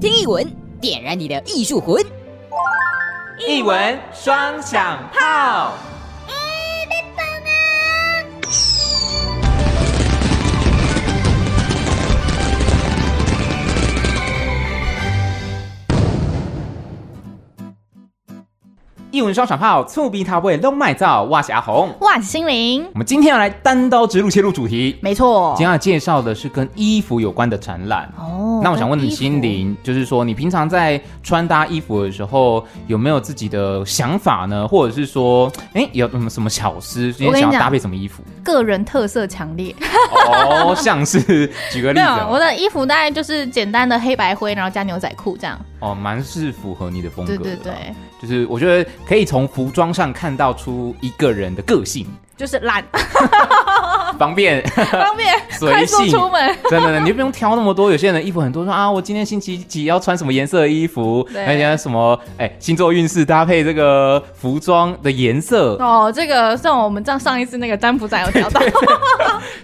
聽藝文，點燃你的藝術魂。藝文雙響炮。藝文雙響炮，醋逼他為弄賣皂，哇霞紅，哇心靈。我們今天要來單刀直入切入主題，沒錯錯，今天要介紹的是跟衣服有關的展覽哦。那我想問你心靈，心靈，就是說你平常在穿搭衣服的時候，有沒有自己的想法呢？或者是說，哎、欸，有什麼什麼巧思，今天想要搭配什麼衣服？個人特色強烈，哦 ，oh, 像是舉個例子、啊，我的衣服大概就是簡單的黑白灰，然後加牛仔褲這樣。哦，蠻是符合你的風格的。對對對就是我覺得可以從服裝上看到出一個人的個性。就是懶， 方便， 性方便，隨性出門。 真的，你就不用挑那麼多。有些人的衣服很多，說啊，我今天星期，期幾要穿什麼顏色的衣服？還有對什麼？哎、欸，星座運勢搭配這個服裝的顏色。哦，這個像我們這樣上一次那個占卜仔有聊到，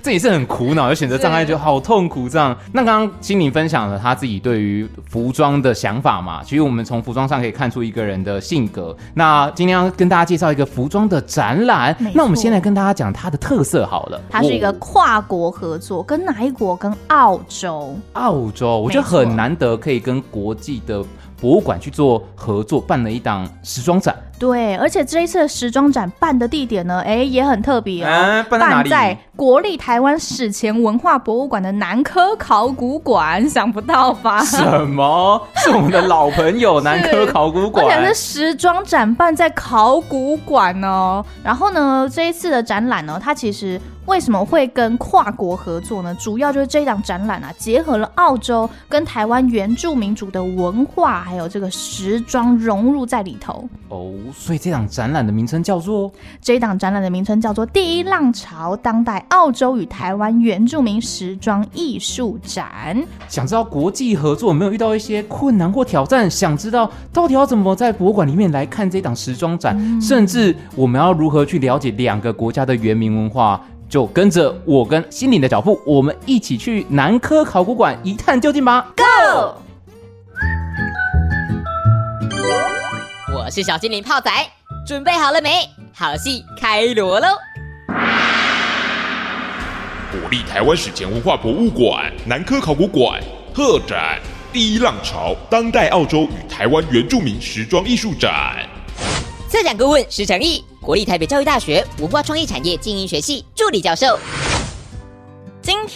這也是很苦惱，有選擇障礙是就好痛苦。這樣，那剛剛心靈分享了他自己對於服裝的想法嘛？其實我們從服裝上可以看出一個人的性格。那今天要跟大家介紹一個服裝的展覽。錯那我們先來。跟大家講它的特色好了，它是一個跨國合作，我跟哪一國？跟澳洲，澳洲錯我覺得很難得可以跟國際的博物館去做合作，辦了一檔時裝展。對，而且這一次的時裝展辦的地點呢，哎，也很特別哦，呃，辦在哪裡？辦在國立臺灣史前文化博物館的南科考古館，想不到吧？什麼？是我們的老朋友南科考古館？我 而且是時裝展辦在考古館哦。然後呢，這一次的展覽呢，它其實為什麼會跟跨國合作呢？主要就是這一檔展覽啊，結合了澳洲跟台灣原住民族的文化，還有這個時裝融入在裡頭哦。所以這檔展覽的名稱叫做，這一檔展覽的名稱叫做《第一浪潮：當代澳洲與台灣原住民時裝藝術展》。想知道國際合作有沒有遇到一些困難或挑戰？想知道到底要怎麼在博物館裡面來看這檔時裝展？甚至我們要如何去了解兩個國家的原民文化？就跟着我跟心靈的腳步，我們一起去南科考古館一探究竟吧。Go！我是小精靈泡仔，準備好了沒？好戲開鑼嘍！國立台灣史前文化博物館南科考古館特展《第一浪潮：當代澳洲與台灣原住民時裝藝術展》策展顧問施承毅，國立台北教育大學文化創意產業經營學系助理教授。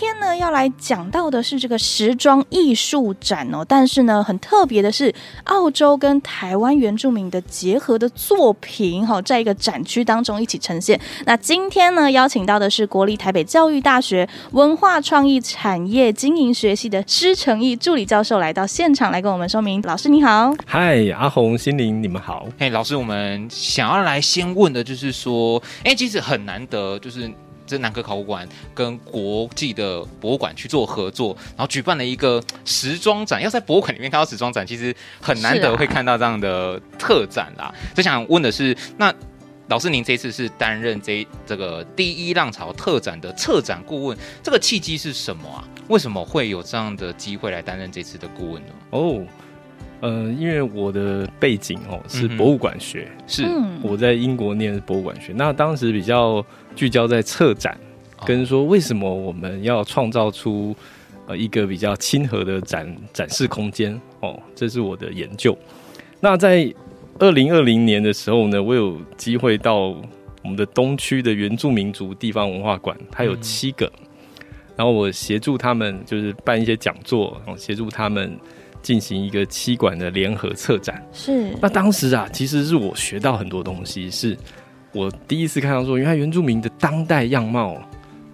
今天呢，要來講到的是這個時裝藝術展哦、喔，但是呢，很特別的是，澳洲跟台灣原住民的結合的作品哈、喔，在一個展區當中一起呈現。那今天呢，邀請到的是國立台北教育大學文化創意產業經營學系的施承毅助理教授來到現場來跟我們說明。老師你好，嗨，阿紅、心靈，你們好。嘿，hey, 老師，我們想要來先問的就是說，哎、欸，其實很難得，就是。這南科考古館跟國際的博物館去做合作，然後舉辦了一個時裝展。要在博物館裡面看到時裝展，其實很難得會看到這樣的特展啦。就、啊、想問的是，那老師您這次是擔任這這個第一浪潮特展的策展顧問，這個契機是什麼啊？為什麼會有這樣的機會來擔任這次的顧問呢？哦，呃，因為我的背景哦是博物館學，嗯、是，是我在英國念博物館學，那當時比較。聚焦在策展，跟說為什麼我們要創造出呃一個比較親和的展展示空間哦，這是我的研究。那在二零二零年的時候呢，我有機會到我們的東區的原住民族地方文化館，它有七個，嗯、然後我協助他們就是辦一些講座，然後協助他們進行一個七館的聯合策展。是那當時啊，其實是我學到很多東西是。我第一次看到說，原來原住民的當代樣貌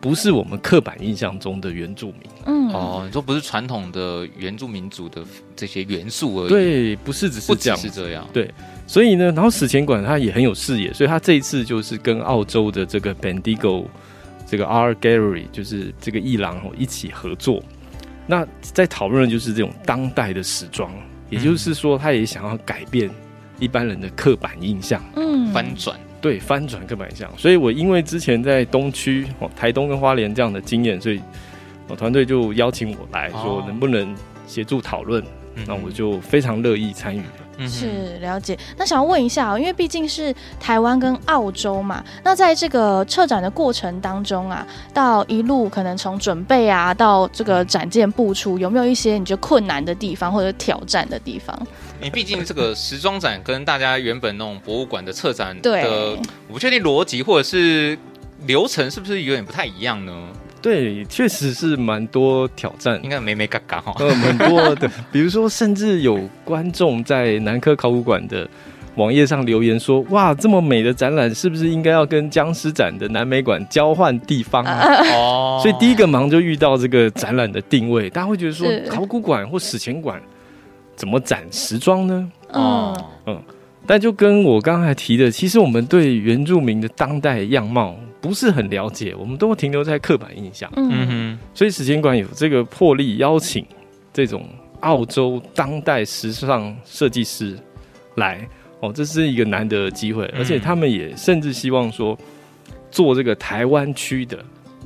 不是我們刻板印象中的原住民。嗯，哦，你說不是傳統的原住民族的這些元素而已？對，不是，只是這樣是這樣。對，所以呢，然後史前館它也很有視野，所以它這一次就是跟澳洲的這個 Bendigo 這個 Art Gallery，就是這個藝廊一起合作。那在討論的就是這種當代的時裝，也就是說，他也想要改變一般人的刻板印象，嗯，翻轉。對，翻轉更蠻像。所以我因為之前在東區、台東跟花蓮這樣的經驗，所以我團隊就邀請我來說，能不能協助討論？哦、那我就非常樂意參與。嗯、哼是了解，那想要問一下啊，因為畢竟是台灣跟澳洲嘛，那在這個策展的過程當中啊，到一路可能從準備啊到這個展件步出，有沒有一些你覺得困難的地方或者挑戰的地方？你畢竟這個時裝展跟大家原本那種博物館的策展的，我不確定邏輯或者是流程是不是有點不太一樣呢？對，確實是蠻多挑戰，應該美美嘎嘎哈，呃，很多的， 比如說甚至有觀眾在南科考古館的網頁上留言說：“哇，這麼美的展覽，是不是應該要跟僵屍展的南美館交換地方啊？”哦，所以第一個忙就遇到這個展覽的定位，大家會覺得說考古館或史前館。怎麼展時裝呢？哦，oh. 嗯，但就跟我剛才提的，其實我們對原住民的當代樣貌不是很了解，我們都停留在刻板印象。嗯哼、mm，hmm. 所以史前館有這個魄力邀請這種澳洲當代時尚設計師來哦，這是一個難得的機會，而且他們也甚至希望說做這個台灣區的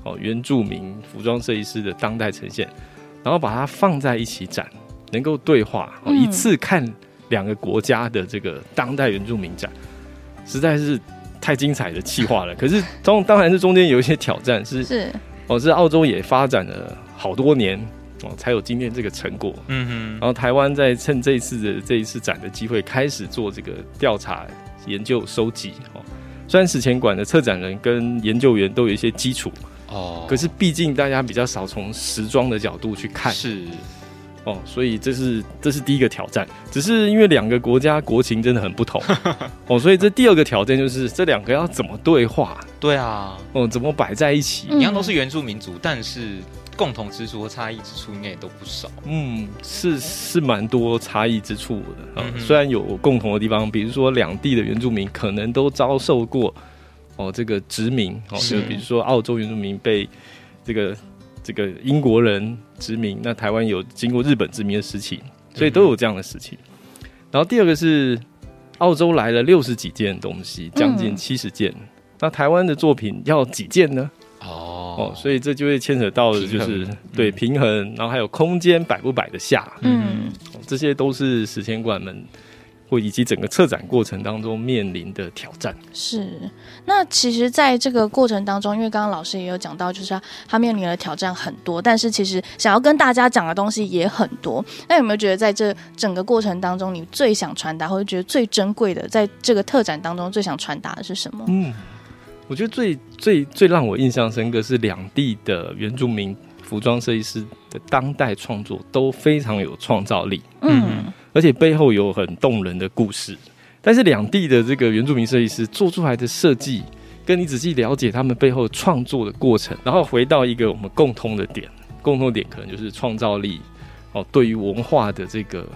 哦原住民服裝設計師的當代呈現，然後把它放在一起展。能夠對話，一次看兩個國家的這個當代原住民展，嗯、實在是太精彩的企劃了。可是當當然，是中間有一些挑戰，是是哦，是澳洲也發展了好多年哦，才有今天這個成果。嗯哼然後台灣在趁這一次的這一次展的機會，開始做這個調查研究收集哦。雖然史前館的策展人跟研究員都有一些基礎哦，可是畢竟大家比較少從時裝的角度去看是。哦，所以這是這是第一個挑戰，只是因為兩個國家國情真的很不同。 哦，所以這第二個挑戰就是這兩個要怎麼對話？對啊，哦，怎麼擺在一起？一、嗯、樣都是原住民族，但是共同之處和差異之處應該也都不少。嗯，是是蠻多差異之處的啊。哦、嗯嗯雖然有共同的地方，比如說兩地的原住民可能都遭受過哦這個殖民，就、哦、是比如說澳洲原住民被這個。這個英國人殖民，那台灣有經過日本殖民的事情，所以都有這樣的事情。嗯、哼然後第二個是澳洲來了六十幾件東西，將近七十件。嗯、那台灣的作品要幾件呢？哦，哦所以這就會牽扯到的就是平衡對平衡，然後還有空間擺不擺得下，嗯哼，這些都是時間館們。或以及整個策展過程當中面臨的挑戰是，那其實在這個過程當中，因為剛剛老師也有講到，就是他面臨的挑戰很多，但是其實想要跟大家講的東西也很多。那有沒有覺得在這整個過程當中，你最想傳達，或者覺得最珍貴的，在這個特展當中最想傳達的是什麼？嗯，我覺得最最最讓我印象深刻是兩地的原住民服裝設計師的當代創作都非常有創造力。嗯。嗯而且背後有很動人的故事，但是兩地的這個原住民設計師做出來的設計，跟你仔細了解他們背後創作的過程，然後回到一個我們共通的點，共通點可能就是創造力哦，對於文化的這個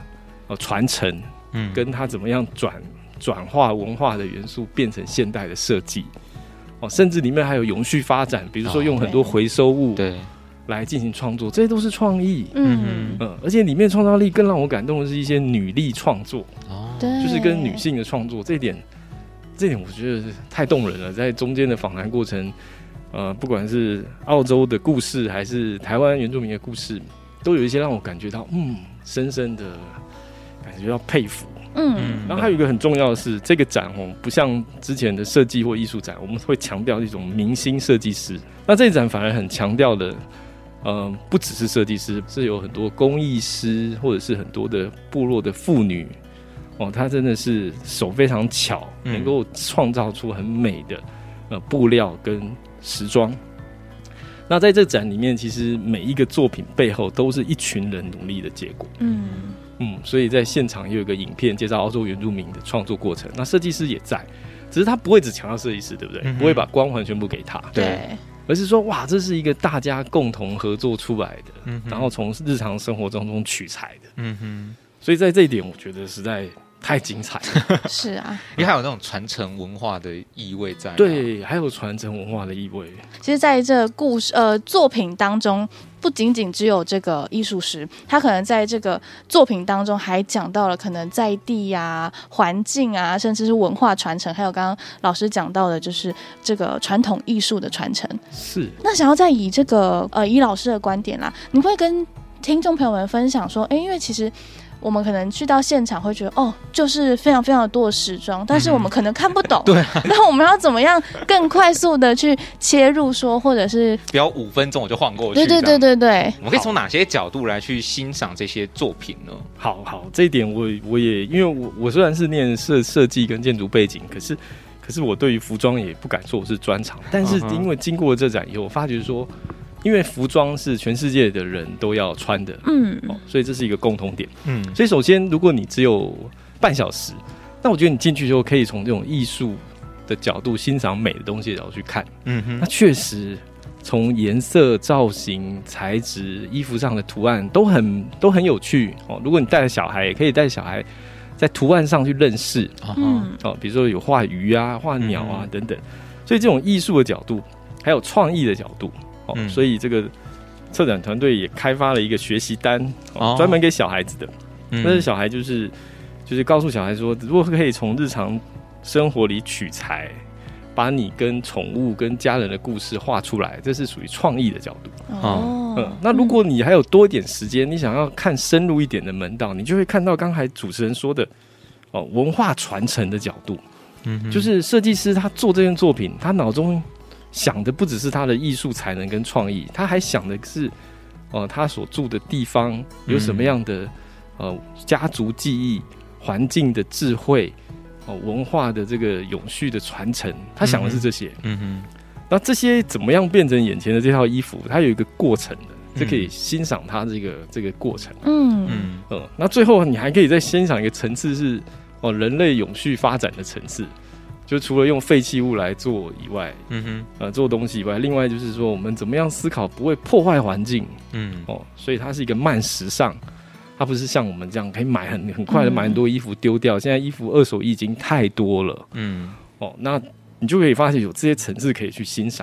哦傳承，嗯，跟他怎麼樣轉轉化文化的元素變成現代的設計哦，甚至裡面還有永續發展，比如說用很多回收物，哦，對。對對來進行創作，這些都是創意，嗯嗯，而且裡面創造力更讓我感動的是一些女力創作哦，就是跟女性的創作，這一點這一點我覺得是太動人了。在中間的訪談過程，呃，不管是澳洲的故事還是台灣原住民的故事，都有一些讓我感覺到，嗯，深深的感覺到佩服，嗯。然後還有一個很重要的是，這個展哦，不像之前的設計或藝術展，我們會強調一種明星設計師，那這一展反而很強調的。嗯、呃，不只是設計師，是有很多工藝師，或者是很多的部落的婦女哦，她真的是手非常巧，嗯、能夠創造出很美的呃布料跟時裝。那在這展裡面，其實每一個作品背後都是一群人努力的結果。嗯嗯，所以在現場也有一個影片介紹澳洲原住民的創作過程。那設計師也在，只是他不會只強調設計師，對不對？嗯哼，不會把光環全部給他。對。對而是說，哇，這是一個大家共同合作出來的，嗯、哼然後從日常生活當中取材的，嗯哼，所以在這一點，我覺得實在太精彩了， 是啊，你還有那種傳承文化的意味在，啊嗯，對，還有傳承文化的意味。其實，在這故事呃作品當中。不僅僅只有這個藝術師，他可能在這個作品當中還講到了可能在地呀、啊、環境啊，甚至是文化傳承，還有剛剛老師講到的，就是這個傳統藝術的傳承。是，那想要再以這個呃，以老師的觀點啦，你會跟聽眾朋友們分享說，哎，因為其實。我們可能去到現場會覺得，哦，就是非常非常的多的時裝，但是我們可能看不懂。 對啊。那我們要怎麼樣更快速的去切入說，或者是？不要五分鐘我就晃過去。對對對對對。我們可以從哪些角度來去欣賞這些作品呢？好好，這一點我我也因為我我雖然是念設設計跟建築背景，可是可是我對於服裝也不敢說我是專長，但是因為經過了這展以後，我發覺說。因為服裝是全世界的人都要穿的，嗯，哦，所以這是一個共同點，嗯，所以首先，如果你只有半小時，那我覺得你進去之後可以從這種藝術的角度欣賞美的東西，然後去看，嗯哼，那確實從顏色、造型、材質、衣服上的圖案都很都很有趣哦。如果你帶着小孩，也可以帶小孩在圖案上去認識，嗯，哦，比如說有畫魚啊、畫鳥啊等等，嗯哼，所以這種藝術的角度還有創意的角度。哦、所以這個策展團隊也開發了一個學習單，哦，專、哦、門給小孩子的。哦、但是小孩就是，就是告訴小孩說，嗯、如果可以從日常生活裡取材，把你跟寵物、跟家人的故事畫出來，這是屬於創意的角度。哦、嗯，那如果你還有多一點時間，嗯、你想要看深入一點的門道，你就會看到剛才主持人說的哦，文化傳承的角度。嗯、哼就是設計師他做這件作品，他腦中。想的不只是他的藝術才能跟創意，他還想的是，哦、呃，他所住的地方有什麼樣的、嗯、哼呃家族記憶、環境的智慧、哦、呃、文化的這個永續的傳承。他想的是這些。嗯嗯哼，那這些怎麼樣變成眼前的這套衣服？它有一個過程的，這可以欣賞它這個這個過程。嗯嗯。哦、呃，那最後你還可以再欣賞一個層次是哦、呃、人類永續發展的層次。就除了用廢棄物來做以外，嗯哼，呃，做東西以外，另外就是說，我們怎麼樣思考不會破壞環境？嗯，哦，所以它是一個慢時尚，它不是像我們這樣可以買很很快的買很多衣服丟掉。嗯，現在衣服二手衣已經太多了，嗯，哦，那你就可以發現有這些層次可以去欣賞，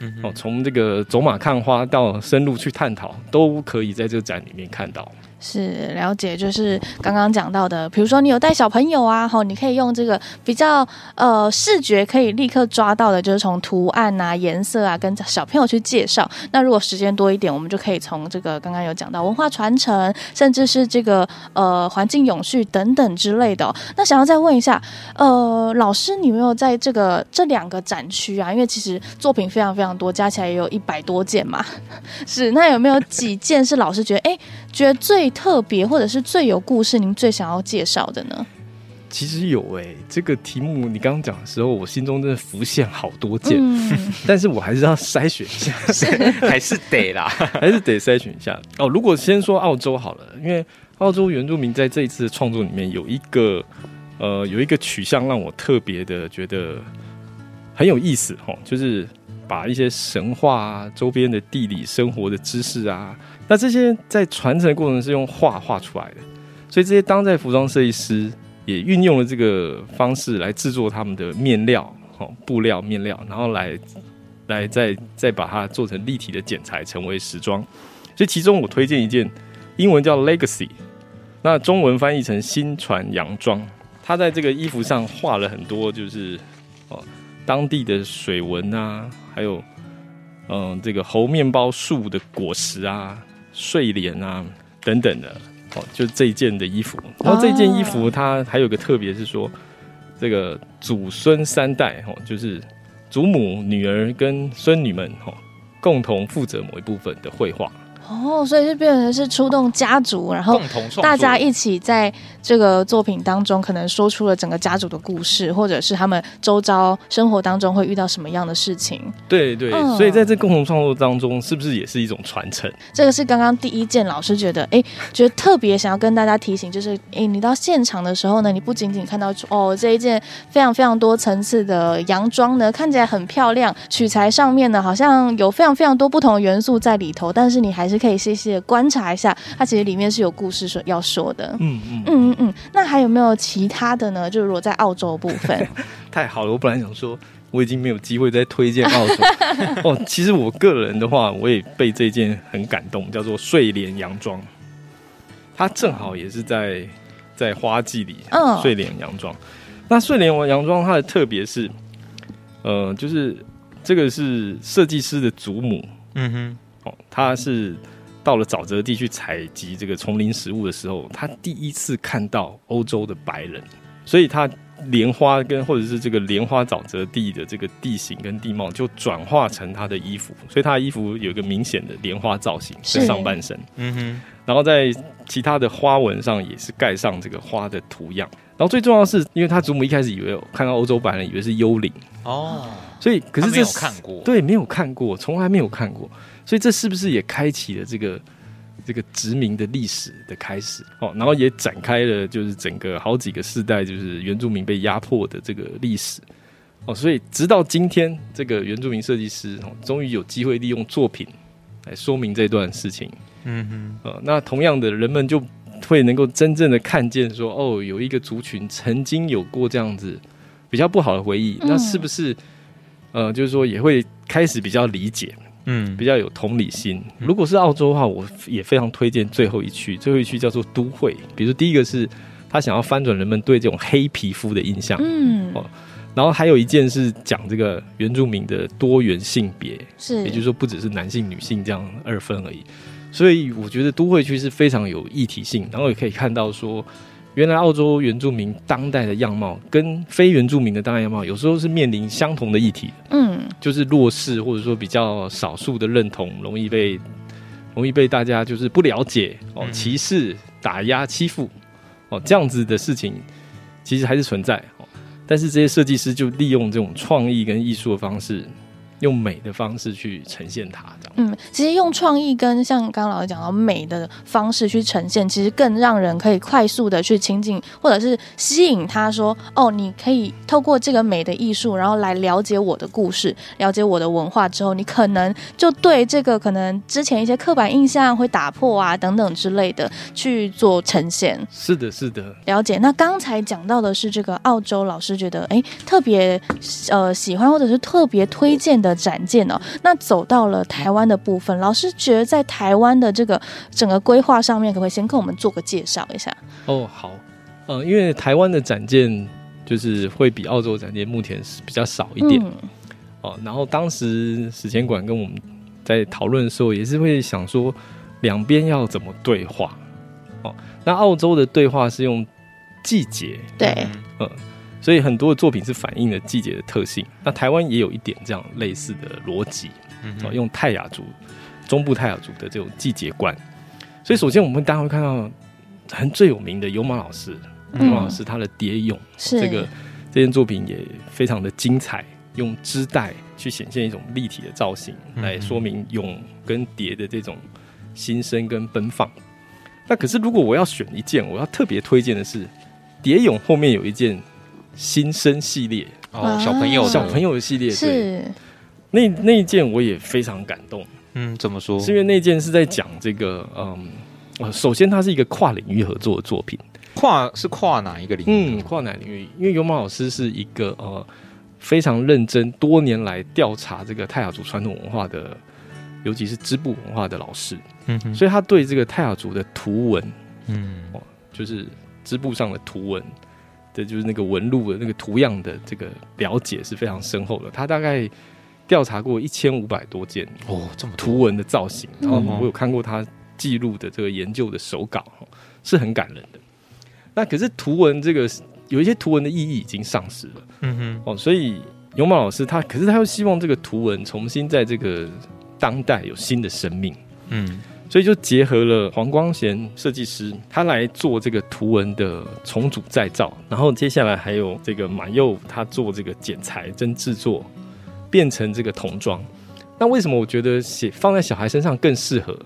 嗯哼，哦，從這個走馬看花到深入去探討，都可以在這個展裡面看到。是了解，就是剛剛講到的，比如說你有帶小朋友啊，吼你可以用這個比較呃視覺可以立刻抓到的，就是從圖案啊、顏色啊，跟小朋友去介紹。那如果時間多一點，我們就可以從這個剛剛有講到文化傳承，甚至是這個呃環境永續等等之類的哦。那想要再問一下，呃，老師，你有沒有在這個這兩個展區啊？因為其實作品非常非常多，加起來也有一百多件嘛。是，那有沒有幾件是老師覺得誒？覺得最特別或者是最有故事，您最想要介紹的呢？其實有哎、欸，這個題目你剛剛講的時候，我心中真的浮現好多件，嗯、但是我還是要篩選一下，是還是得啦，還是得篩選一下哦。如果先說澳洲好了，因為澳洲原住民在這一次創作裡面有一個呃有一個取向，讓我特別的覺得很有意思哦，就是把一些神話、啊、周邊的地理生活的知識啊。那這些在傳承的過程是用畫畫出來的，所以這些當代服裝設計師也運用了這個方式來制作他們的面料，喔、哦布料、面料，然後來來再再把它做成立體的剪裁，成為時裝。所以其中我推薦一件英文叫 Legacy，那中文翻譯成新傳洋裝。它在這個衣服上畫了很多，就是哦、喔、當地的水紋啊，還有嗯這個猴面包樹的果實啊。睡蓮啊，等等的，哦，就這一件的衣服。然後這件衣服它還有個特別，是說這個祖孫三代，哦，就是祖母、女兒跟孫女們，哦，共同負責某一部分的繪畫。哦，所以就變成是出動家族，然後大家一起在這個作品當中，可能說出了整個家族的故事，或者是他們周遭生活當中會遇到什麼樣的事情。對，對對，嗯，所以在這共同創作當中，是不是也是一種傳承？這個是剛剛第一件，老師覺得，哎、欸，覺得特別想要跟大家提醒，就是，哎、欸，你到現場的時候呢，你不僅僅看到哦這一件非常非常多層次的洋裝呢，看起來很漂亮，取材上面呢，好像有非常非常多不同的元素在裡頭，但是你還是可以細細的觀察一下，它其實裡面是有故事說要說的。嗯嗯嗯嗯嗯。那還有沒有其他的呢？就是如果在澳洲部分， 太好了。我本來想說我已經沒有機會再推薦澳洲 哦。其實我個人的話，我也被這件很感動，叫做睡蓮洋裝。它正好也是在在花季裡。嗯，睡蓮洋裝。那睡蓮洋裝它的特別是，呃，就是這個是設計師的祖母。嗯哼，哦，他是。到了沼澤地去採集這個叢林食物的時候，他第一次看到歐洲的白人，所以他蓮花跟或者是這個蓮花沼澤地的這個地形跟地貌就轉化成他的衣服，所以他的衣服有一個明顯的蓮花造型是上半身，嗯哼，然後在其他的花紋上也是蓋上這個花的圖樣，然後最重要的是，因為他祖母一開始以為看到歐洲白人，以為是幽靈哦，所以可是，這是沒有看過，對，沒有看過，從來沒有看過。所以這是不是也開啟了這個這個殖民的歷史的開始哦？然後也展開了就是整個好幾個世代就是原住民被壓迫的這個歷史哦。所以直到今天，這個原住民設計師，哦，終於有機會利用作品來說明這段事情。嗯哼，呃，那同樣的，人們就會能夠真正的看見說，哦，有一個族群曾經有過這樣子比較不好的回憶，那是不是，嗯，呃，就是說也會開始比較理解？嗯，比較有同理心。嗯、如果是澳洲的話，我也非常推薦最後一區，最後一區叫做《都會》，比如第一個是，他想要翻轉人們對這種黑皮膚的印象，嗯、哦、然後還有一件是講這個原住民的多元性別，是，也就是說不只是男性、女性這樣二分而已。所以我覺得《都會》區是非常有議題性，然後也可以看到說，原來澳洲原住民當代的樣貌跟非原住民的當代樣貌，有時候是面臨相同的議題，嗯，就是弱勢或者說比較少數的認同，容易被容易被大家就是不了解哦，歧視、打壓、欺負哦，這樣子的事情其實還是存在。但是這些設計師就利用這種創意跟藝術的方式。用美的方式去呈現它，這樣，嗯，其實用創意跟像剛剛老師講到美的方式去呈現，其實更讓人可以快速的去親近，或者是吸引他說，說哦，你可以透過這個美的藝術，然後來了解我的故事，了解我的文化之後，你可能就對這個可能之前一些刻板印象會打破啊等等之類的去做呈現。是的，是的，了解。那剛才講到的是這個澳洲老師覺得哎、欸、特別呃喜歡或者是特別推薦的的展件哦，那走到了台灣的部分，老師覺得在台灣的這個整個規劃上面，可不可以先跟我們做個介紹一下？哦，好，嗯，因為台灣的展件就是會比澳洲展件目前是比較少一點哦、嗯嗯。然後當時史前館跟我們在討論的時候，也是會想說兩邊要怎麼對話哦、嗯。那澳洲的對話是用季節，對嗯，嗯。所以很多的作品是反映了季節的特性，那台灣也有一點這樣類似的邏輯，啊、嗯哼，用泰雅族、中部泰雅族的這種季節觀。所以首先我們大家會看到很最有名的尤瑪老師，尤瑪、嗯、老師他的蝶蛹是這個這件作品也非常的精彩，用織帶去顯現一種立體的造型，來說明蛹跟蝶的這種新生跟奔放。嗯、哼那可是如果我要選一件，我要特別推薦的是蝶蛹，後面有一件。新生系列哦，小朋友，小朋友的系列對，是那那一件，我也非常感動。嗯，怎麼說？是因為那一件是在講這個，嗯、呃、首先它是一個跨領域合作的作品，跨是跨哪一個領域、嗯？跨哪個領域？因為尤瑪老師是一個呃非常認真，多年來調查這個泰雅族傳統文化的，尤其是織布文化的老師。嗯哼，所以他對這個泰雅族的圖文，嗯，就是織布上的圖文。的就是那個紋路的那個圖樣的這個了解是非常深厚的，他大概調查過一千五百多件哦，這種圖文的造型，哦、然後我有看過他記錄的這個研究的手稿，嗯、哼是很感人的。那可是圖文這個有一些圖文的意義已經喪失了，嗯哼哦，所以尤瑪老師他可是他又希望這個圖文重新在這個當代有新的生命，嗯。所以就結合了黃光賢設計師，他來做這個圖文的重組再造，然後接下來還有這個馬佑他做這個剪裁跟製作，變成這個童裝。那為什麼我覺得寫放在小孩身上更適合？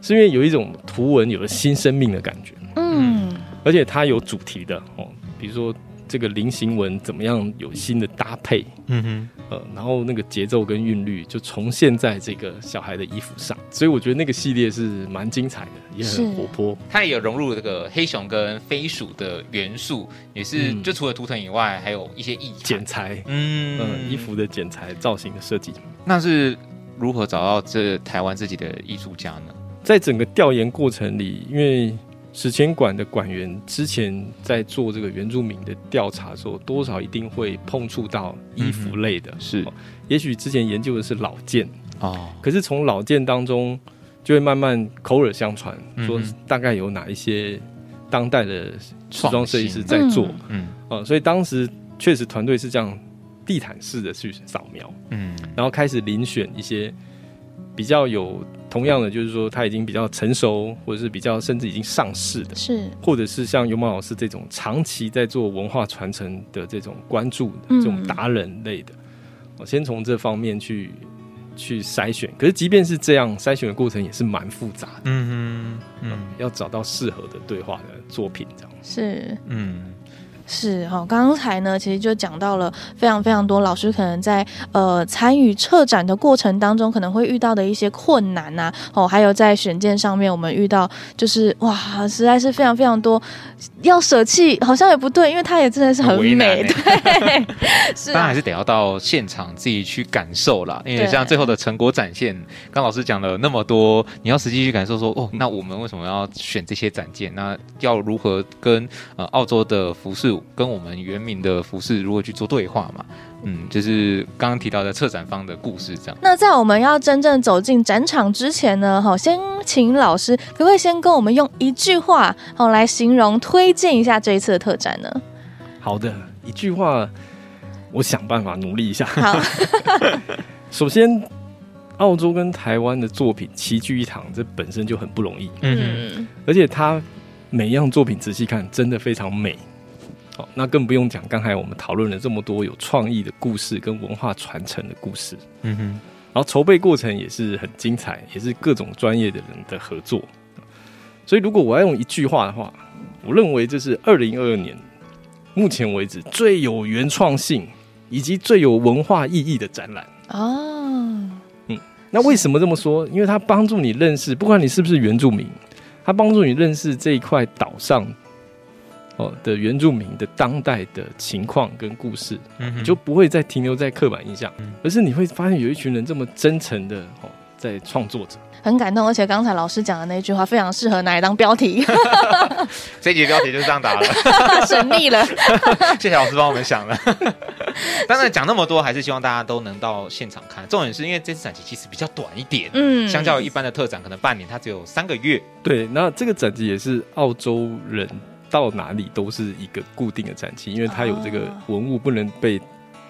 是因為有一種圖文有了新生命的感覺，嗯，嗯，而且它有主題的哦，比如說。這個菱形紋怎麼樣有新的搭配？嗯哼，呃，然後那個節奏跟韻律就重現在這個小孩的衣服上，所以我覺得那個系列是蠻精彩的，也很活潑。它是也有融入這個黑熊跟飛鼠的元素，也是、嗯、就除了圖騰以外，還有一些衣剪裁，嗯嗯、呃，衣服的剪裁造型的設計。那是如何找到這台灣自己的藝術家呢？在整個調研過程裡，因為。史前館的館員之前在做這個原住民的調查的時候，多少一定會碰觸到衣服類的，嗯、是。也許之前研究的是老件、哦、可是從老件當中，就會慢慢口耳相傳，嗯、哼說大概有哪一些當代的時裝設計師在做，嗯,嗯,嗯，所以當時確實團隊是這樣地毯式的去掃描，嗯，然後開始遴選一些。比較有同樣的，就是說他已經比較成熟，或者是比較甚至已經上市的，是，或者是像尤瑪老師這種長期在做文化傳承的這種關注的、嗯、這種達人類的，我先從這方面去去篩選。可是即便是這樣，篩選的過程也是蠻複雜的，嗯哼嗯，嗯，要找到適合的對話的作品，這樣是，嗯。是哈，哦，剛才呢，其實就講到了非常非常多老師可能在呃參與策展的過程當中，可能會遇到的一些困難吶、啊，哦，還有在選件上面，我們遇到就是哇，實在是非常非常多要舍棄，好像也不對，因為它也真的是很美，很欸、對， 是當然還是得要到現場自己去感受啦。因為像最後的成果展現，剛老師講了那麼多，你要實際去感受說，哦，那我們為什麼要選這些展件？那要如何跟呃澳洲的服飾？跟我們原民的服飾如何去做對話嘛？嗯，就是剛剛提到的策展方的故事，這樣。那在我們要真正走進展場之前呢，好，先請老師可不可以先跟我們用一句話，好，來形容推薦一下這一次的特展呢？好的，一句話，我想辦法努力一下。好 首先，澳洲跟台灣的作品齊聚一堂，這本身就很不容易。嗯哼，而且他每一樣作品仔細看，真的非常美。好，那更不用講。剛才我們討論了這麼多有創意的故事跟文化傳承的故事，嗯哼，然後籌備過程也是很精彩，也是各種專業的人的合作。所以，如果我要用一句話的話，我認為這是二零二二年目前為止最有原創性以及最有文化意義的展覽。啊、哦。嗯，那為什麼這麼說？因為它幫助你認識，不管你是不是原住民，它幫助你認識這一塊島上。哦的原住民的當代的情況跟故事，你就不會再停留在刻板印象，而是你會發現有一群人這麼真誠的在創作著，很感動。而且剛才老師講的那一句話非常適合拿來當標題， 這一集標題就這樣打了， 神秘了， 謝謝老師幫我們想了。當然講那麼多，還是希望大家都能到現場看。重點是因為這次展期其實比較短一點，嗯，相較一般的特展，可能半年，它只有三個月。對，那這個展期也是澳洲人。到哪裡都是一個固定的展期，因為它有這個文物不能被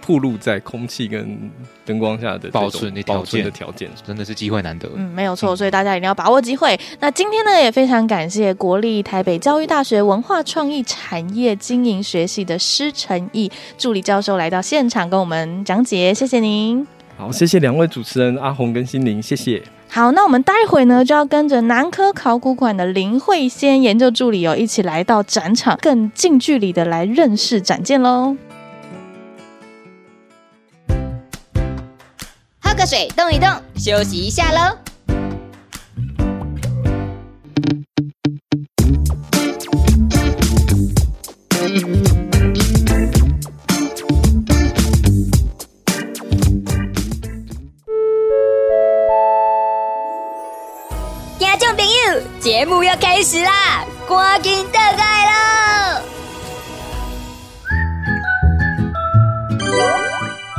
曝露在空氣跟燈光下的保存那條件，保存的條件真的是機會難得。嗯，沒有錯，所以大家一定要把握機會。嗯、那今天呢，也非常感謝國立台北教育大學文化創意產業經營學系的施承毅助理教授來到現場跟我們講解，謝謝您。好，謝謝兩位主持人阿紅跟心靈，謝謝。好，那我們待會呢就要跟着南科考古館的林慧仙研究助理哦，一起來到展場，更近距離的來認識展件嘍。喝個水，動一動，休息一下嘍。開始啦！趕緊等待嘍！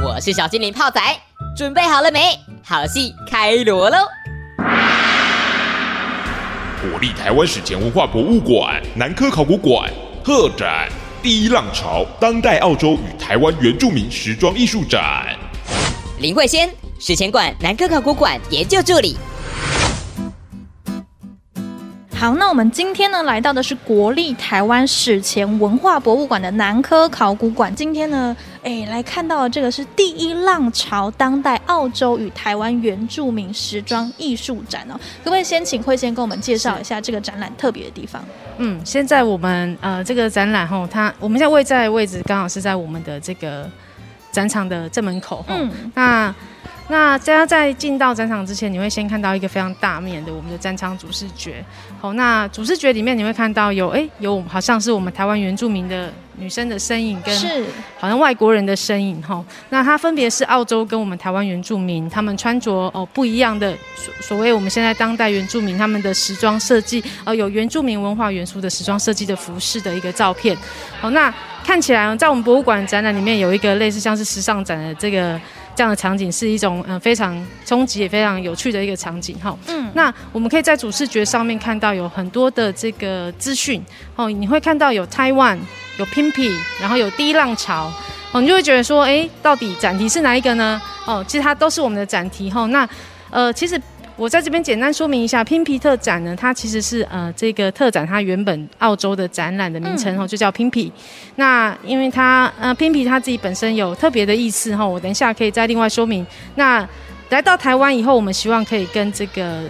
我是小精靈泡仔，準備好了沒？好戲開鑼嘍！國立台灣史前文化博物館南科考古館特展《第一浪潮：當代澳洲與台灣原住民時裝藝術展》。林慧仙，史前館南科考古館研究助理。好，那我們今天呢，來到的是國立臺灣史前文化博物館的南科考古館。今天呢，哎，來看到的這個是“第一浪潮：當代澳洲與臺灣原住民時裝藝術展”哦。可不可以先請慧仙跟我們介紹一下這個展覽特別的地方？嗯，現在我們呃，這個展覽吼，它我們現在位在位置剛好是在我們的這個展場的正門口，嗯，那。那大家在進到展場之前，你會先看到一個非常大面的我們的展場主視覺。好，那主視覺裡面你會看到有，哎、欸，有我們好像是我們台灣原住民的女生的身影跟，是，好像外國人的身影哈。是那它分別是澳洲跟我們台灣原住民，他們穿着哦不一樣的所所謂我們現在當代原住民他們的時裝設計，呃，有原住民文化元素的時裝設計的服飾的一個照片。好，那看起來在我們博物館展覽裡面有一個類似像是時尚展的這個。這樣的場景是一種嗯、呃、非常衝擊也非常有趣的一個場景哈，嗯，那我們可以在主視覺上面看到有很多的這個資訊哦，你會看到有 Taiwan 有 Pimpi 然後有第一浪潮，你就會覺得說、欸，到底展題是哪一個呢？哦，其實它都是我們的展題哈，那呃，其實。我在這邊簡單說明一下，拼皮特展呢，它其實是呃這個特展，它原本澳洲的展覽的名稱吼，就叫拼皮。嗯、那因為它呃拼皮它自己本身有特別的意思吼，我等一下可以再另外說明。那來到台灣以後，我們希望可以跟這個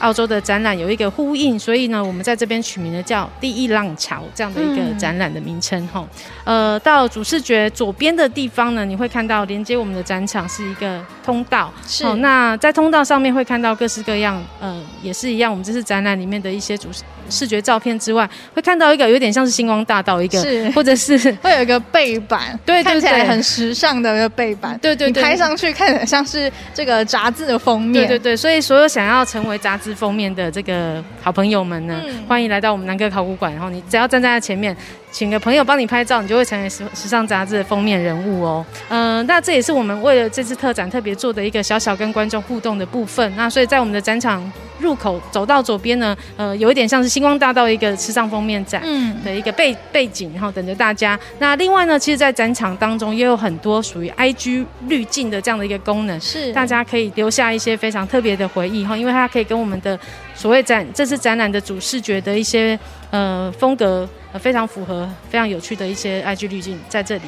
澳洲的展覽有一個呼應，所以呢，我們在這邊取名的叫“第一浪潮”這樣的一個展覽的名稱吼。嗯、呃，到主視覺左邊的地方呢，你會看到連接我們的展場是一個。通道是、哦，那在通道上面會看到各式各樣，嗯、呃，也是一樣。我們這次展覽裡面的一些主視覺照片之外，會看到一個有點像是星光大道一個，是，或者是會有一個背板，對，對，對，看起來很時尚的一個背板，對對對，拍上去看起來像是這個雜誌的封面，對對對。所以所有想要成為雜誌封面的這個好朋友們呢，嗯、歡迎來到我們南科考古館。然後你只要站在，在前面。請個朋友幫你拍照，你就會成為時時尚雜誌的封面人物哦。嗯、呃，那這也是我們為了這次特展特別做的一個小小跟觀眾互動的部分。那所以在我們的展場。入口走到左邊呢，呃，有一點像是星光大道一個時尚封面展的一個背、嗯、背景，然後等着大家。那另外呢，其實，在展場當中也有很多屬於 I G 濾鏡的這樣的一個功能，是大家可以留下一些非常特別的回憶哈，因為它可以跟我們的所謂展這次展覽的主視覺的一些呃風格呃非常符合，非常有趣的一些 I G 濾鏡在這裡。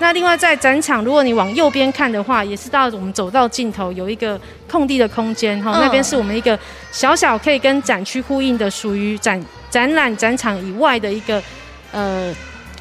那另外在展場，如果你往右邊看的話，也是到我們走到盡頭有一個空地的空間哈，嗯、那邊是我們一個小小可以跟展區呼應的，屬於展展覽展場以外的一個呃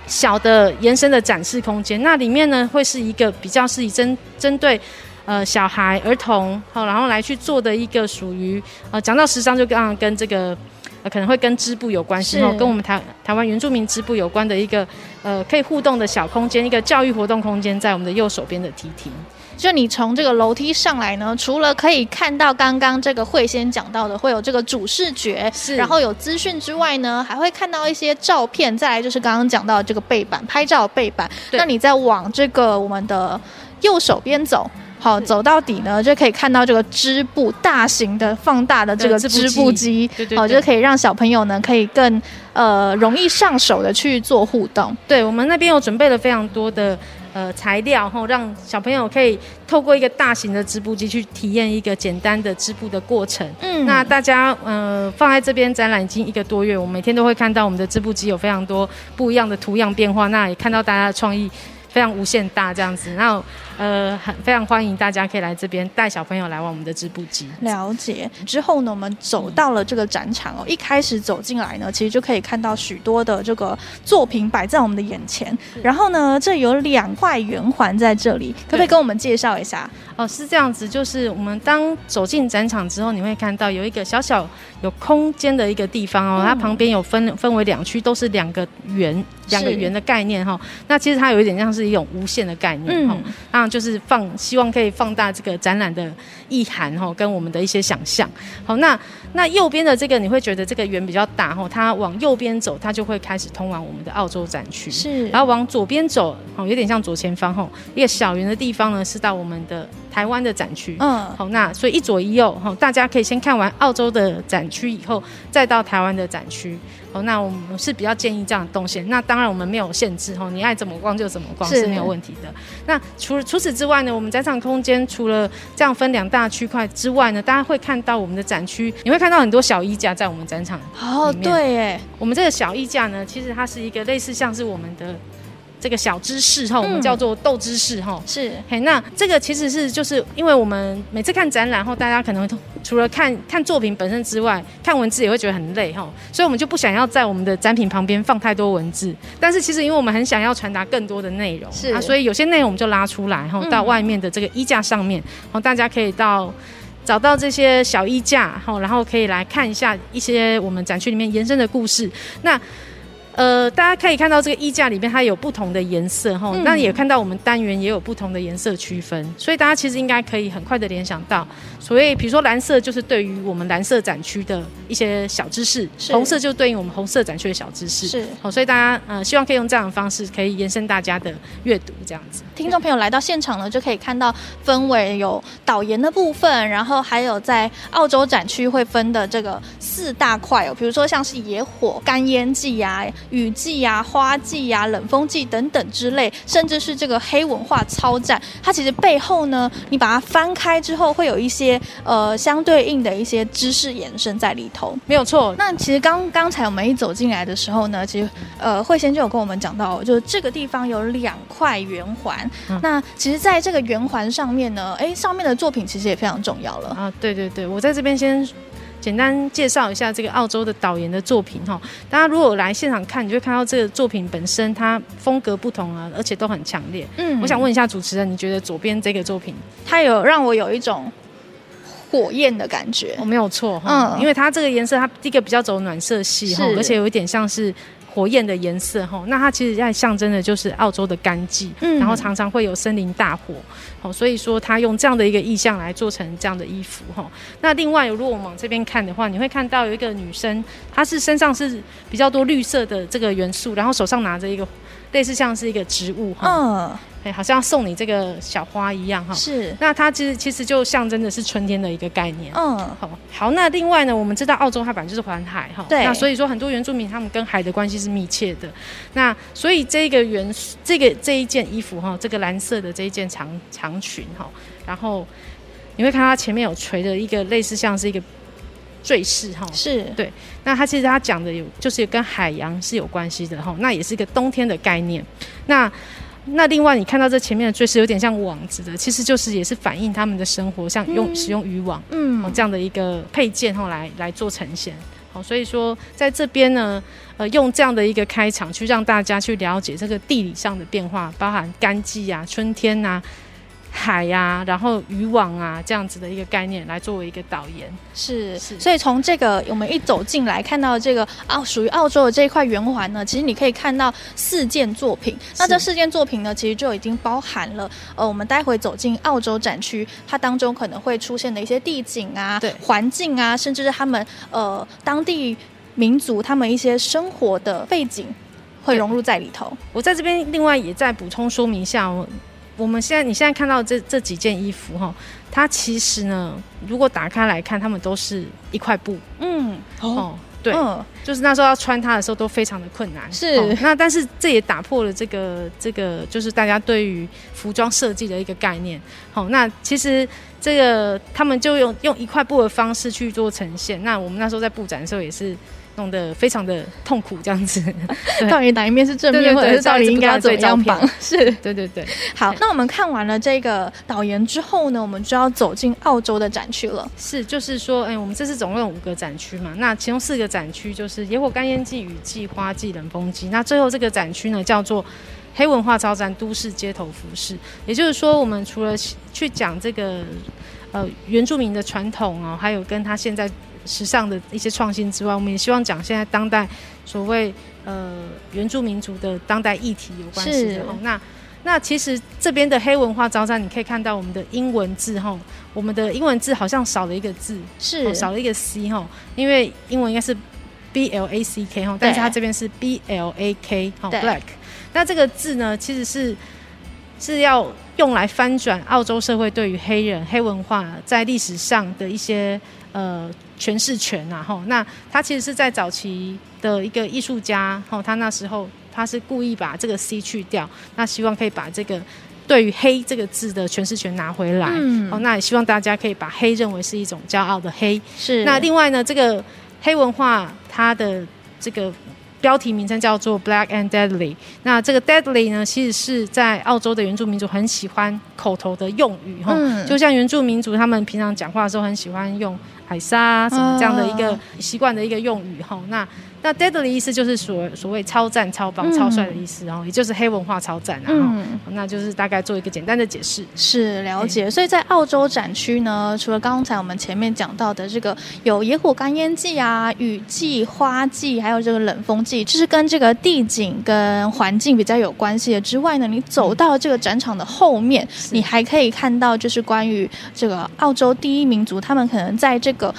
小的延伸的展示空間。那裡面呢，會是一個比較是以針針對呃小孩兒童哈，然後來去做的一個屬於呃講到時尚就剛剛跟這個。呃，可能會跟織布有關係是跟我們台台灣原住民織布有關的一個，呃，可以互動的小空間，一個教育活動空間，在我們的右手邊的梯廳。就你從這個樓梯上來呢，除了可以看到剛剛這個慧仙講到的會有這個主視覺，是然後有資訊之外呢，還會看到一些照片。再來就是剛剛講到的這個背板拍照背板，對那你再往這個我們的右手邊走。好，是走到底呢，就可以看到這個織布大型的放大的這個織布機，好，就可以讓小朋友呢可以更呃容易上手的去做互動。對，我們那邊有準備了非常多的呃材料，然後、哦、讓小朋友可以透過一個大型的織布機去體驗一個簡單的織布的過程。嗯，那大家嗯、呃、放在這邊展覽已經一個多月，我每天都會看到我們的織布機有非常多不一樣的圖樣變化，那也看到大家的創意。非常無限大這樣子，那呃很，非常歡迎大家可以來這邊帶小朋友來玩我們的織布機。了解之後呢，我們走到了這個展場哦。嗯、一開始走進來呢，其實就可以看到許多的這個作品擺在我們的眼前。是然後呢，這裡有兩塊圓環在這裡，對可不可以跟我們介紹一下？哦，是這樣子，就是我們當走進展場之後，你會看到有一個小小有空間的一個地方哦，嗯、它旁邊有分分為兩區，都是兩個圓。兩個圓的概念哈是，那其實它有一點像是一種無限的概念哈、嗯，那就是放希望可以放大這個展覽的意涵哈，跟我們的一些想象。好，那那右邊的這個，你會覺得這個圓比較大哈，它往右邊走，它就會開始通往我們的澳洲展區，是，然後往左邊走哦，有點像左前方哈，一個小圓的地方呢，是到我們的台灣的展區，嗯，好，那所以一左一右哈，大家可以先看完澳洲的展區以後，再到台灣的展區。哦，oh, 那我們是比較建議這樣動線。那當然我們沒有限制哦，你愛怎麼逛就怎麼逛是沒有問題的。是那除了除此之外呢，我們展場空間除了這樣分兩大區塊之外呢，大家會看到我們的展區，你會看到很多小衣架在我們展場哦，oh, 對耶，我們這個小衣架呢，其實它是一個類似像是我們的。這個小知識哈，我們叫做豆知識哈、嗯。是，嘿，Hey, 那這個其實是就是因為我們每次看展覽後，大家可能除了看看作品本身之外，看文字也會覺得很累哈，所以我們就不想要在我們的展品旁邊放太多文字。但是其實因為我們很想要傳達更多的內容，是啊，所以有些內容我們就拉出來哈，到外面的這個衣架上面，嗯、然後大家可以到找到這些小衣架哈，然後可以來看一下一些我們展區裡面延伸的故事。那。呃，大家可以看到這個衣架裡面它有不同的顏色哈，吼嗯、那也看到我們單元也有不同的顏色區分，所以大家其實應該可以很快的聯想到所，所謂比如說藍色就是對於我們藍色展區的一些小知識，是紅色就是對應我們紅色展區的小知識，是，好，所以大家呃希望可以用這樣的方式可以延伸大家的閱讀這樣子。聽眾朋友來到現場呢，就可以看到分為有導言的部分，然後還有在澳洲展區會分的這個四大塊哦，比如說像是野火干煙劑呀、雨季呀、啊、花季呀、啊、冷風季等等之類，甚至是這個黑文化超讚。它其實背後呢，你把它翻開之後，會有一些呃相對應的一些知識延伸在裡頭。沒有錯。那其實剛剛才我們一走進來的時候呢，其實呃慧仙就有跟我們講到，就是這個地方有兩塊圓環。嗯、那其實，在這個圓環上面呢，哎，上面的作品其實也非常重要了。啊，對對對，我在這邊先。簡單介紹一下這個澳洲的導演的作品哈，大家如果來現場看，你就會看到這個作品本身它風格不同啊，而且都很強烈。嗯，我想問一下主持人，你覺得左邊這個作品，它有讓我有一種火焰的感覺？我、哦、沒有錯哈，嗯、因為它這個顏色，它第一個比較走暖色系哈，是而且有一點像是。火焰的顏色，吼，那它其實在象徵的，就是澳洲的乾季，嗯，然後常常會有森林大火，哦，所以說它用這樣的一個意象來做成這樣的衣服，吼，那另外，如果我們往這邊看的話，你會看到有一個女生，她是身上是比較多綠色的這個元素，然後手上拿着一個。類似像是一個植物哈，哦、嗯、欸，好像送你這個小花一樣哈。哦、是，那它其實其實就象徵的是春天的一個概念。嗯，好、哦，好。那另外呢，我們知道澳洲它本來就是環海哈，哦、對，那所以說很多原住民他們跟海的關係是密切的。那所以這個元素，這個這一件衣服哈、哦，這個藍色的這一件長長裙哈、哦，然後你會看它前面有垂着一個類似像是一個。墜飾哈是對，那他其實他講的有，就是跟海洋是有關係的哈，那也是一個冬天的概念。那那另外你看到這前面的墜飾有點像網子的，其實就是也是反映他們的生活，像用使用漁網嗯，嗯這樣的一個配件哈來來做呈現。好，所以說在這邊呢，呃，用這樣的一個開場去讓大家去了解這個地理上的變化，包含乾季啊、春天啊。海呀，啊，然後漁網啊，這樣子的一個概念來作為一個導言，是是。所以從這個我們一走進來看到這個澳屬於澳洲的這一塊圓環呢，其實你可以看到四件作品。那這四件作品呢，其實就已經包含了呃，我們待會走進澳洲展區，它當中可能會出現的一些地景啊、環對境啊，甚至是他們呃當地民族他們一些生活的背景，會融入在裡頭。我在這邊另外也再補充說明一下。我們現在你現在看到這這幾件衣服哈，它其實呢，如果打開來看，它們都是一塊布。嗯，哦，哦對，嗯，就是那時候要穿它的時候都非常的困難。是，哦，那但是這也打破了這個這個就是大家對於服裝設計的一個概念。好，哦，那其實這個他們就用用一塊布的方式去做呈現。那我們那時候在布展的時候也是。非常的痛苦，這樣子對，導言打一面是正面，或者是導言應該怎麼這樣綁？是對對對。好，是那我們看完了這個導言之後呢，我們就要走進澳洲的展區了。是，就是說，哎，我們這次總共有五個展區嘛，那其中四個展區就是野火乾煙季、雨季花季、冷風季。那最後這個展區呢叫做黑文化超展、都市街頭服飾。也就是說，我們除了去講這個呃原住民的傳統哦，還有跟他現在。時尚的一些創新之外，我們也希望講現在當代所謂呃原住民族的當代議題有關係的是、哦、那那其實這邊的黑文化招展，你可以看到我們的英文字哈、哦，我們的英文字好像少了一個字，是、哦、少了一個 C 哈、哦，因為英文應該是 B L A C K 哈、哦，但是它這邊是 B L A K 哈、哦、對，Black。那這個字呢，其實是是要用來翻轉澳洲社會對於黑人黑文化在歷史上的一些呃。詮釋權啊，吼，那他其實是在早期的一個藝術家，吼，他那時候他是故意把這個 C 去掉，那希望可以把這個對於“黑”這個字的詮釋權拿回來，嗯，吼，那也希望大家可以把“黑”認為是一種驕傲的黑，是。那另外呢，這個黑文化它的這個標題名稱叫做 “Black and Deadly”，那這個 “Deadly” 呢，其實是在澳洲的原住民族很喜歡口頭的用語，吼，嗯、就像原住民族他們平常講話的時候很喜歡用。海沙啊，什麼這樣的一個習慣的一個用語哈、啊，那。那 deadly 的意思就是所所謂超贊、超棒、嗯、超帥的意思、哦，然後也就是黑文化超贊、啊哦，啊、嗯、那就是大概做一個簡單的解釋，是了解。所以在澳洲展區呢，除了剛才我們前面講到的這個有野火乾煙季啊、雨季、花季，還有這個冷風季，就是跟這個地景跟環境比較有關係的之外呢，你走到這個展場的後面，是你還可以看到就是關於這個澳洲第一民族，他們可能在這個。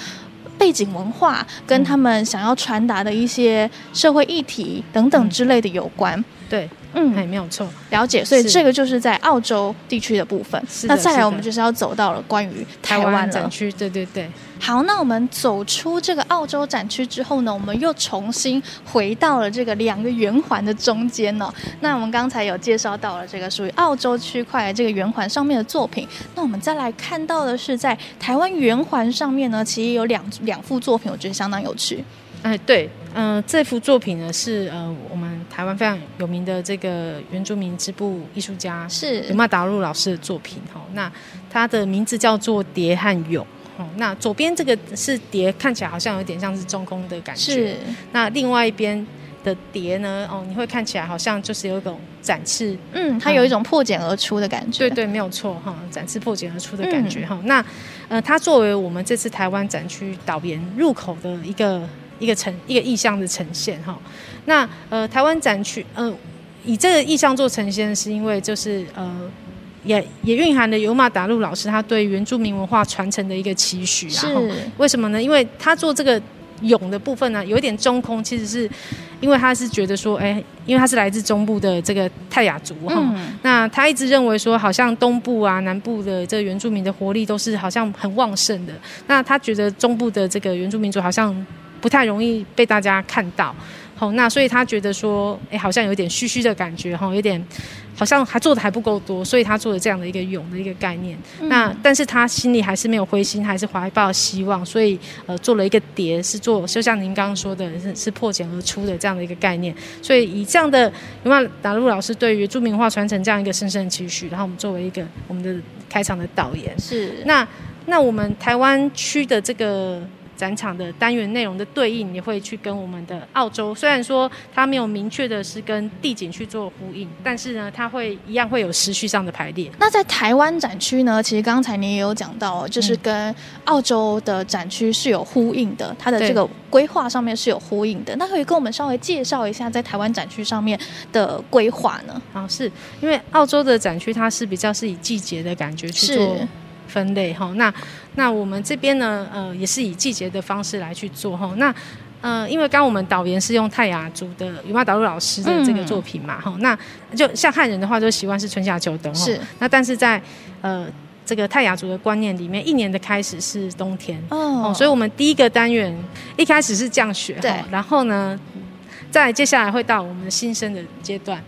背景文化跟他們想要傳達的一些社會議題等等之類的有關。嗯、對，嗯，也沒有錯，了解。所以這個就是在澳洲地區的部分。是的，那再來我們就是要走到了關於台灣，台灣展區。對對對。好，那我們走出這個澳洲展區之後呢，我們又重新回到了這個兩個圓環的中間呢、哦。那我們剛才有介紹到了這個屬於澳洲區塊的這個圓環上面的作品，那我們再來看到的是在台灣圓環上面呢，其實有兩兩幅作品，我覺得相當有趣。哎，對，嗯、呃，這幅作品呢是呃我們台灣非常有名的這個原住民織布藝術家是尤瑪·達陸老師的作品。好、哦，那他的名字叫做蝶和蛹。哦、那左邊這個是蝶，看起來好像有點像是中空的感覺。是那另外一邊的蝶呢？哦，你會看起來好像就是有一種展翅，嗯，嗯它有一種破繭而出的感覺。對對，沒有錯哈、哦，展翅破繭而出的感覺哈、嗯哦。那呃，它作為我們這次台灣展區導言入口的一個一個呈一個意象的呈現哈、哦。那呃，台灣展區、呃、以這個意象做呈現，是因為就是呃。也也蘊含了尤馬達路老師他對原住民文化傳承的一個期許啊。是。為什麼呢？因為他做這個俑的部分呢、啊，有一點中空，其實是因為他是覺得說，哎、欸，因為他是來自中部的這個泰雅族哈。嗯、哼那他一直認為說，好像東部啊、南部的這個原住民的活力都是好像很旺盛的。那他覺得中部的這個原住民族好像不太容易被大家看到。好，那所以他覺得說，哎、欸，好像有一點虛虛的感覺哈，有點。好像還做的還不夠多，所以他做了這樣的一個蛹的一個概念。嗯、那但是他心裡還是沒有灰心，還是懷抱希望，所以呃做了一個蝶，是做就像您剛剛說的，是是破繭而出的這樣的一個概念。所以以這樣的，有沒有達陸老師對於著名畫傳承這樣一個深深期許，然後我們作為一個我們的開場的導言，是。那那我們台灣區的這個。展場的單元內容的對應，你會去跟我們的澳洲，雖然說它沒有明確的是跟地景去做呼應，但是呢，它會一樣會有時序上的排列。那在台灣展區呢，其實剛才您也有講到，就是跟澳洲的展區是有呼應的，它的這個規劃上面是有呼應的。對那可以跟我們稍微介紹一下在台灣展區上面的規劃呢？啊，是，因為澳洲的展區它是比較是以季節的感覺去做。分類哈，那那我們這邊呢，呃，也是以季節的方式來去做哈。那呃，因為剛我們導演是用泰雅族的尤瑪·達陸老師的這個作品嘛哈、嗯。那就像漢人的話，就習慣是春夏秋冬是，那但是在呃這個泰雅族的觀念裡面，一年的開始是冬天哦，所以我們第一個單元一開始是降雪哈，對然後呢，在接下來會到我們的新生的階段。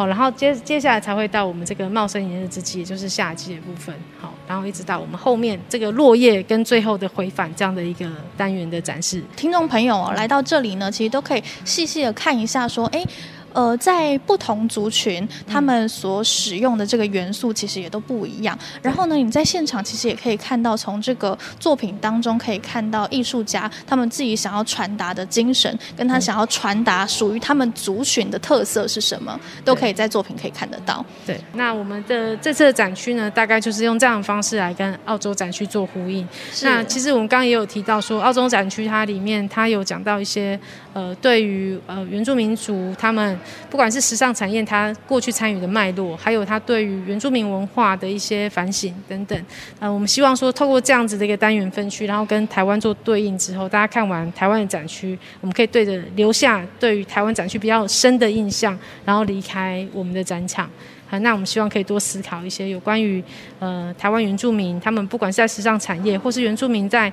好，然後接接下來才會到我們這個茂盛炎日之際，也就是夏季的部分。好，然後一直到我們後面這個落葉跟最後的回返，這樣的一個單元的展示。聽眾朋友、哦、來到這裡呢，其實都可以細細的看一下，說，哎。呃，在不同族群，他們所使用的這個元素其實也都不一樣。然後呢，你在現場其實也可以看到，從這個作品當中可以看到藝術家他們自己想要傳達的精神，跟他想要傳達屬於他們族群的特色是什麼，都可以在作品可以看得到。對，對那我們的這次的展區呢，大概就是用這樣的方式來跟澳洲展區做呼應。是那其實我們剛剛也有提到說，澳洲展區它裡面它有講到一些呃，對於呃原住民族他們。不管是時尚產業它過去參與的脈絡，還有它對於原住民文化的一些反省等等，呃，我們希望說透過這樣子的一個單元分區，然後跟台灣做對應之後，大家看完台灣的展區，我們可以對着留下對於台灣展區比較深的印象，然後離開我們的展場。啊，那我們希望可以多思考一些有關於呃台灣原住民，他們不管是在時尚產業，或是原住民在。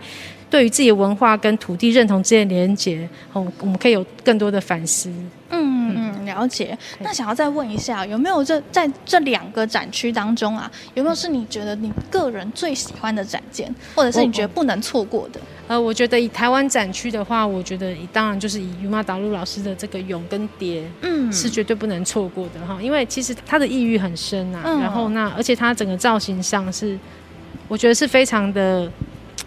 對於自己的文化跟土地認同之間的連結，我們可以有更多的反思。嗯，了解。嗯、那想要再問一下，嘿有沒有這在這兩個展區當中啊，有沒有是你覺得你個人最喜歡的展件，或者是你覺得不能錯過的？呃，我覺得以台灣展區的話，我覺得以當然就是以尤瑪·達陸老師的這個蛹跟蝶，嗯，是絕對不能錯過的哈。因為其實他的意蘊很深啊，嗯、然後那而且他整個造型上是，我覺得是非常的。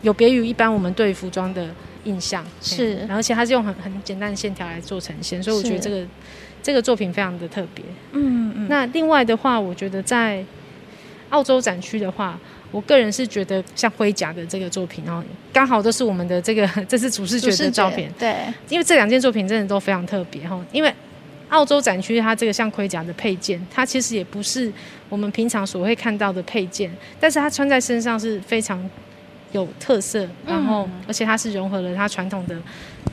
有別於一般我們對服裝的印象，是，而且它是用很很簡單的線條來做呈現，所以我覺得這個是這個作品非常的特別。嗯，嗯嗯。那另外的話，我覺得在澳洲展區的話，我個人是覺得像盔甲的這個作品，哦，剛好都是我們的這個這是主視覺的照片，對，因為這兩件作品真的都非常特別，哈，因為澳洲展區它這個像盔甲的配件，它其實也不是我們平常所會看到的配件，但是它穿在身上是非常。有特色，然後、嗯、而且它是融合了它傳統的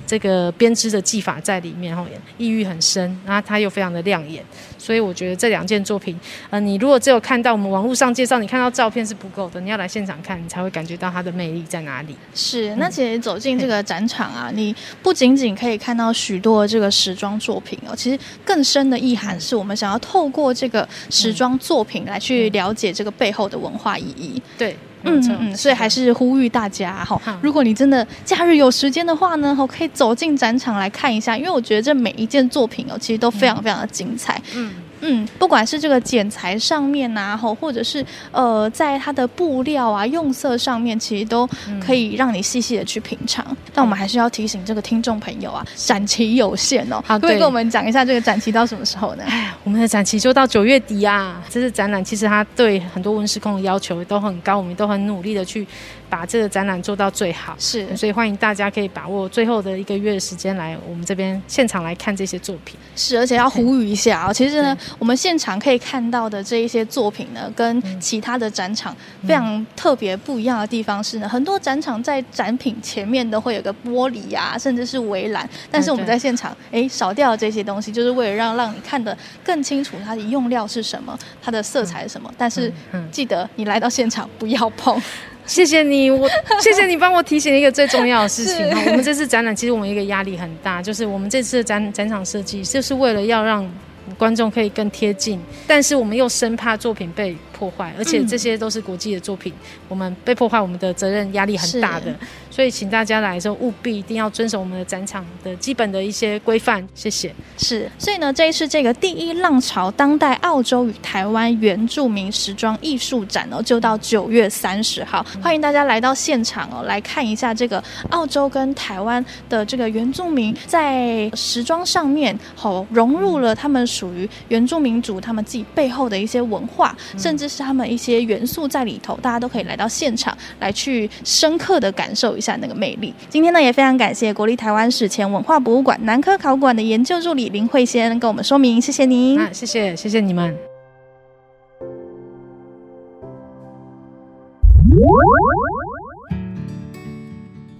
這個編織的技法在裡面，然後意蘊很深，然後它又非常的亮眼，所以我覺得這兩件作品，呃，你如果只有看到我們網絡上介紹，你看到照片是不夠的，你要來現場看，你才會感覺到它的魅力在哪裡。是，嗯、那其實走進這個展場啊，嘿你不僅僅可以看到許多這個時裝作品哦，其實更深的意涵是我們想要透過這個時裝作品來去了解這個背後的文化意義。嗯嗯、對。嗯嗯，所以還是呼籲大家哈的、哦，如果你真的假日有時間的話呢，哈，可以走進展場來看一下，因為我覺得這每一件作品哦，其實都非常非常的精彩，嗯。嗯嗯，不管是這個剪裁上面啊，吼，或者是呃，在它的布料啊、用色上面，其實都可以讓你細細的去品嘗。嗯、但我們還是要提醒這個聽眾朋友啊，是展期有限哦。好、啊，可以跟我們講一下這個展期到什麼時候呢？哎，我們的展期就到九月底啊。這次展覽其實它對很多溫濕控的要求都很高，我們都很努力的去。把這個展覽做到最好，是、嗯，所以歡迎大家可以把握最後的一個月的時間來我們這邊現場來看這些作品。是，而且要呼籲一下啊、哦，Okay. 其實呢，對我們現場可以看到的這一些作品呢，跟其他的展場非常特別不一樣的地方是呢，嗯、很多展場在展品前面都會有個玻璃呀、啊，甚至是圍欄，但是我們在現場，哎、嗯欸，少掉了這些東西，就是為了讓讓你看得更清楚它的用料是什麼，它的色彩是什麼。嗯、但是記得你來到現場不要碰。謝謝你，我 謝謝你幫我提醒一個最重要的事情啊。是然後我們這次展覽其實我們有一個壓力很大，就是我們這次的展展場設計就是為了要讓。觀眾可以更貼近，但是我們又生怕作品被破壞，而且這些都是國際的作品，嗯、我們被破壞，我們的責任壓力很大的，是所以請大家來的時候務必一定要遵守我們的展場的基本的一些規範，謝謝。是，所以呢，這一次這個第一浪潮當代澳洲與台灣原住民時裝藝術展哦，就到九月三十號，嗯、歡迎大家來到現場哦，來看一下這個澳洲跟台灣的這個原住民在時裝上面，哦，好融入了他們。屬於原住民族，他們自己背後的一些文化，甚至是他們一些元素在裡頭，大家都可以來到現場來去深刻的感受一下那個魅力。嗯、今天呢，也非常感謝國立台灣史前文化博物館南科考古館的研究助理林慧仙跟我們說明，謝謝您。啊，謝謝，謝謝你們。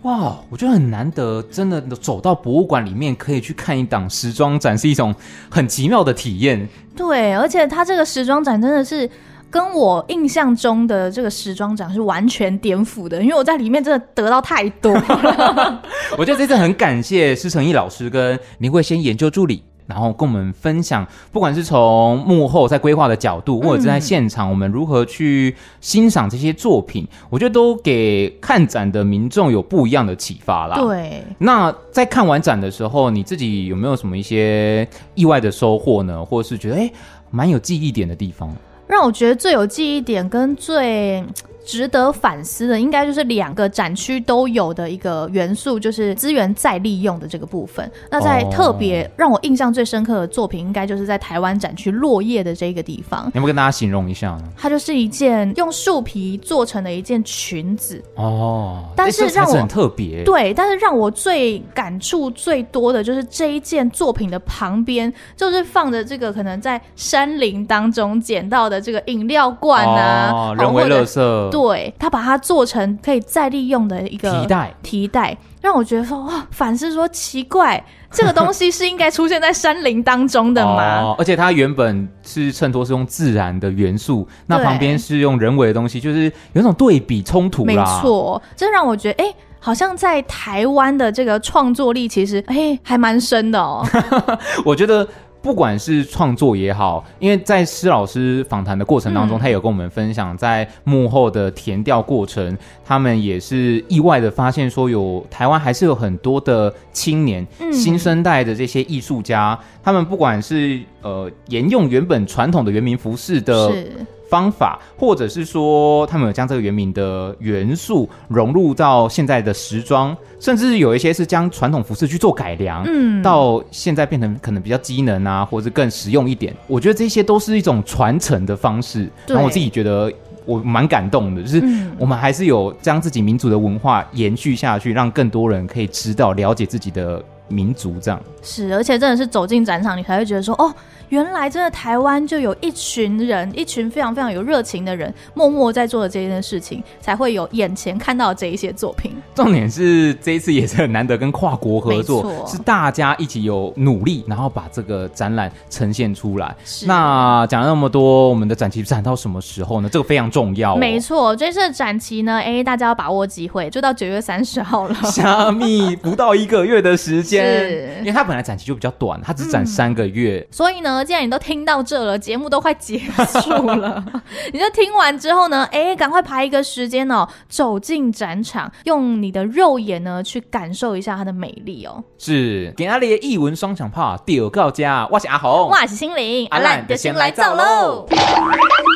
哇，wow, 我覺得很難得，真的走到博物館裡面可以去看一檔時裝展，是一種很奇妙的體驗。對，而且它這個時裝展真的是跟我印象中的這個時裝展是完全顛覆的，因為我在裡面真的得到太多了。我覺得這次很感謝施承毅老師跟林慧仙研究助理。然後跟我們分享，不管是從幕後在規劃的角度，或者是在現場，我們如何去欣賞這些作品，我覺得都給看展的民眾有不一樣的啟發啦。對，那在看完展的時候，你自己有沒有什麼一些意外的收穫呢？或者是覺得誒，蠻有記憶點的地方。讓我覺得最有記憶點跟最值得反思的，應該就是兩個展區都有的一個元素，就是資源再利用的這個部分。那在特別讓我印象最深刻的作品，應該就是在台灣展區落葉的這個地方。能不能跟大家形容一下呢？它就是一件用樹皮做成的一件裙子哦。但是讓我、欸、這是很特別、欸，對，但是讓我最感觸最多的就是這一件作品的旁邊，就是放着這個可能在山林當中撿到的這個飲料罐啊、哦，人為垃圾。對，他把它做成可以再利用的一個提袋，提袋讓我覺得說哇、哦，反是說奇怪，這個東西是應該出現在山林當中的嗎、哦？而且它原本是襯托是用自然的元素，那旁邊是用人為的東西，對就是有種對比衝突啦。沒錯，這讓我覺得哎，好像在台灣的這個創作力其實哎還蠻深的哦。 我覺得。不管是創作也好，因為在施老師訪談的過程當中，嗯、他有跟我們分享，在幕後的田調過程，他們也是意外地發現，說有台灣還是有很多的青年、嗯、新生代的這些藝術家，他們不管是呃沿用原本傳統的原民服飾的。是方法，或者是說他們有將這個原民的元素融入到現在的時裝，甚至有一些是將傳統服飾去做改良，嗯，到現在變成可能比較機能啊，或者是更實用一點。我覺得這些都是一種傳承的方式，對然後我自己覺得我蠻感動的，就是我們還是有將自己民族的文化延續下去，嗯、讓更多人可以知道了解自己的。民族這樣是，而且真的是走進展場，你才會覺得說，哦，原來真的台灣就有一群人，一群非常非常有熱情的人，默默在做的這件事情，才會有眼前看到的這一些作品。重點是這一次也是很難得跟跨國合作，錯是大家一起有努力，然後把這個展覽呈現出來。是那講了那麼多，我們的展期展到什麼時候呢？這個非常重要。哦，沒錯，所以這次的展期呢，哎、欸，大家要把握機會，就到九月三十號了，蝦米不到一個月的時間。 是，因為他本來展期就比較短，他只展三個月，嗯。所以呢，既然你都聽到這了，節目都快結束了， 你就聽完之後呢，哎、欸，趕快排一個時間哦，走進展場，用你的肉眼呢去感受一下它的美麗哦。是，給阿的藝文雙響炮，第二個家，我是阿紅，我是心靈，阿你蘭就先來造嘍。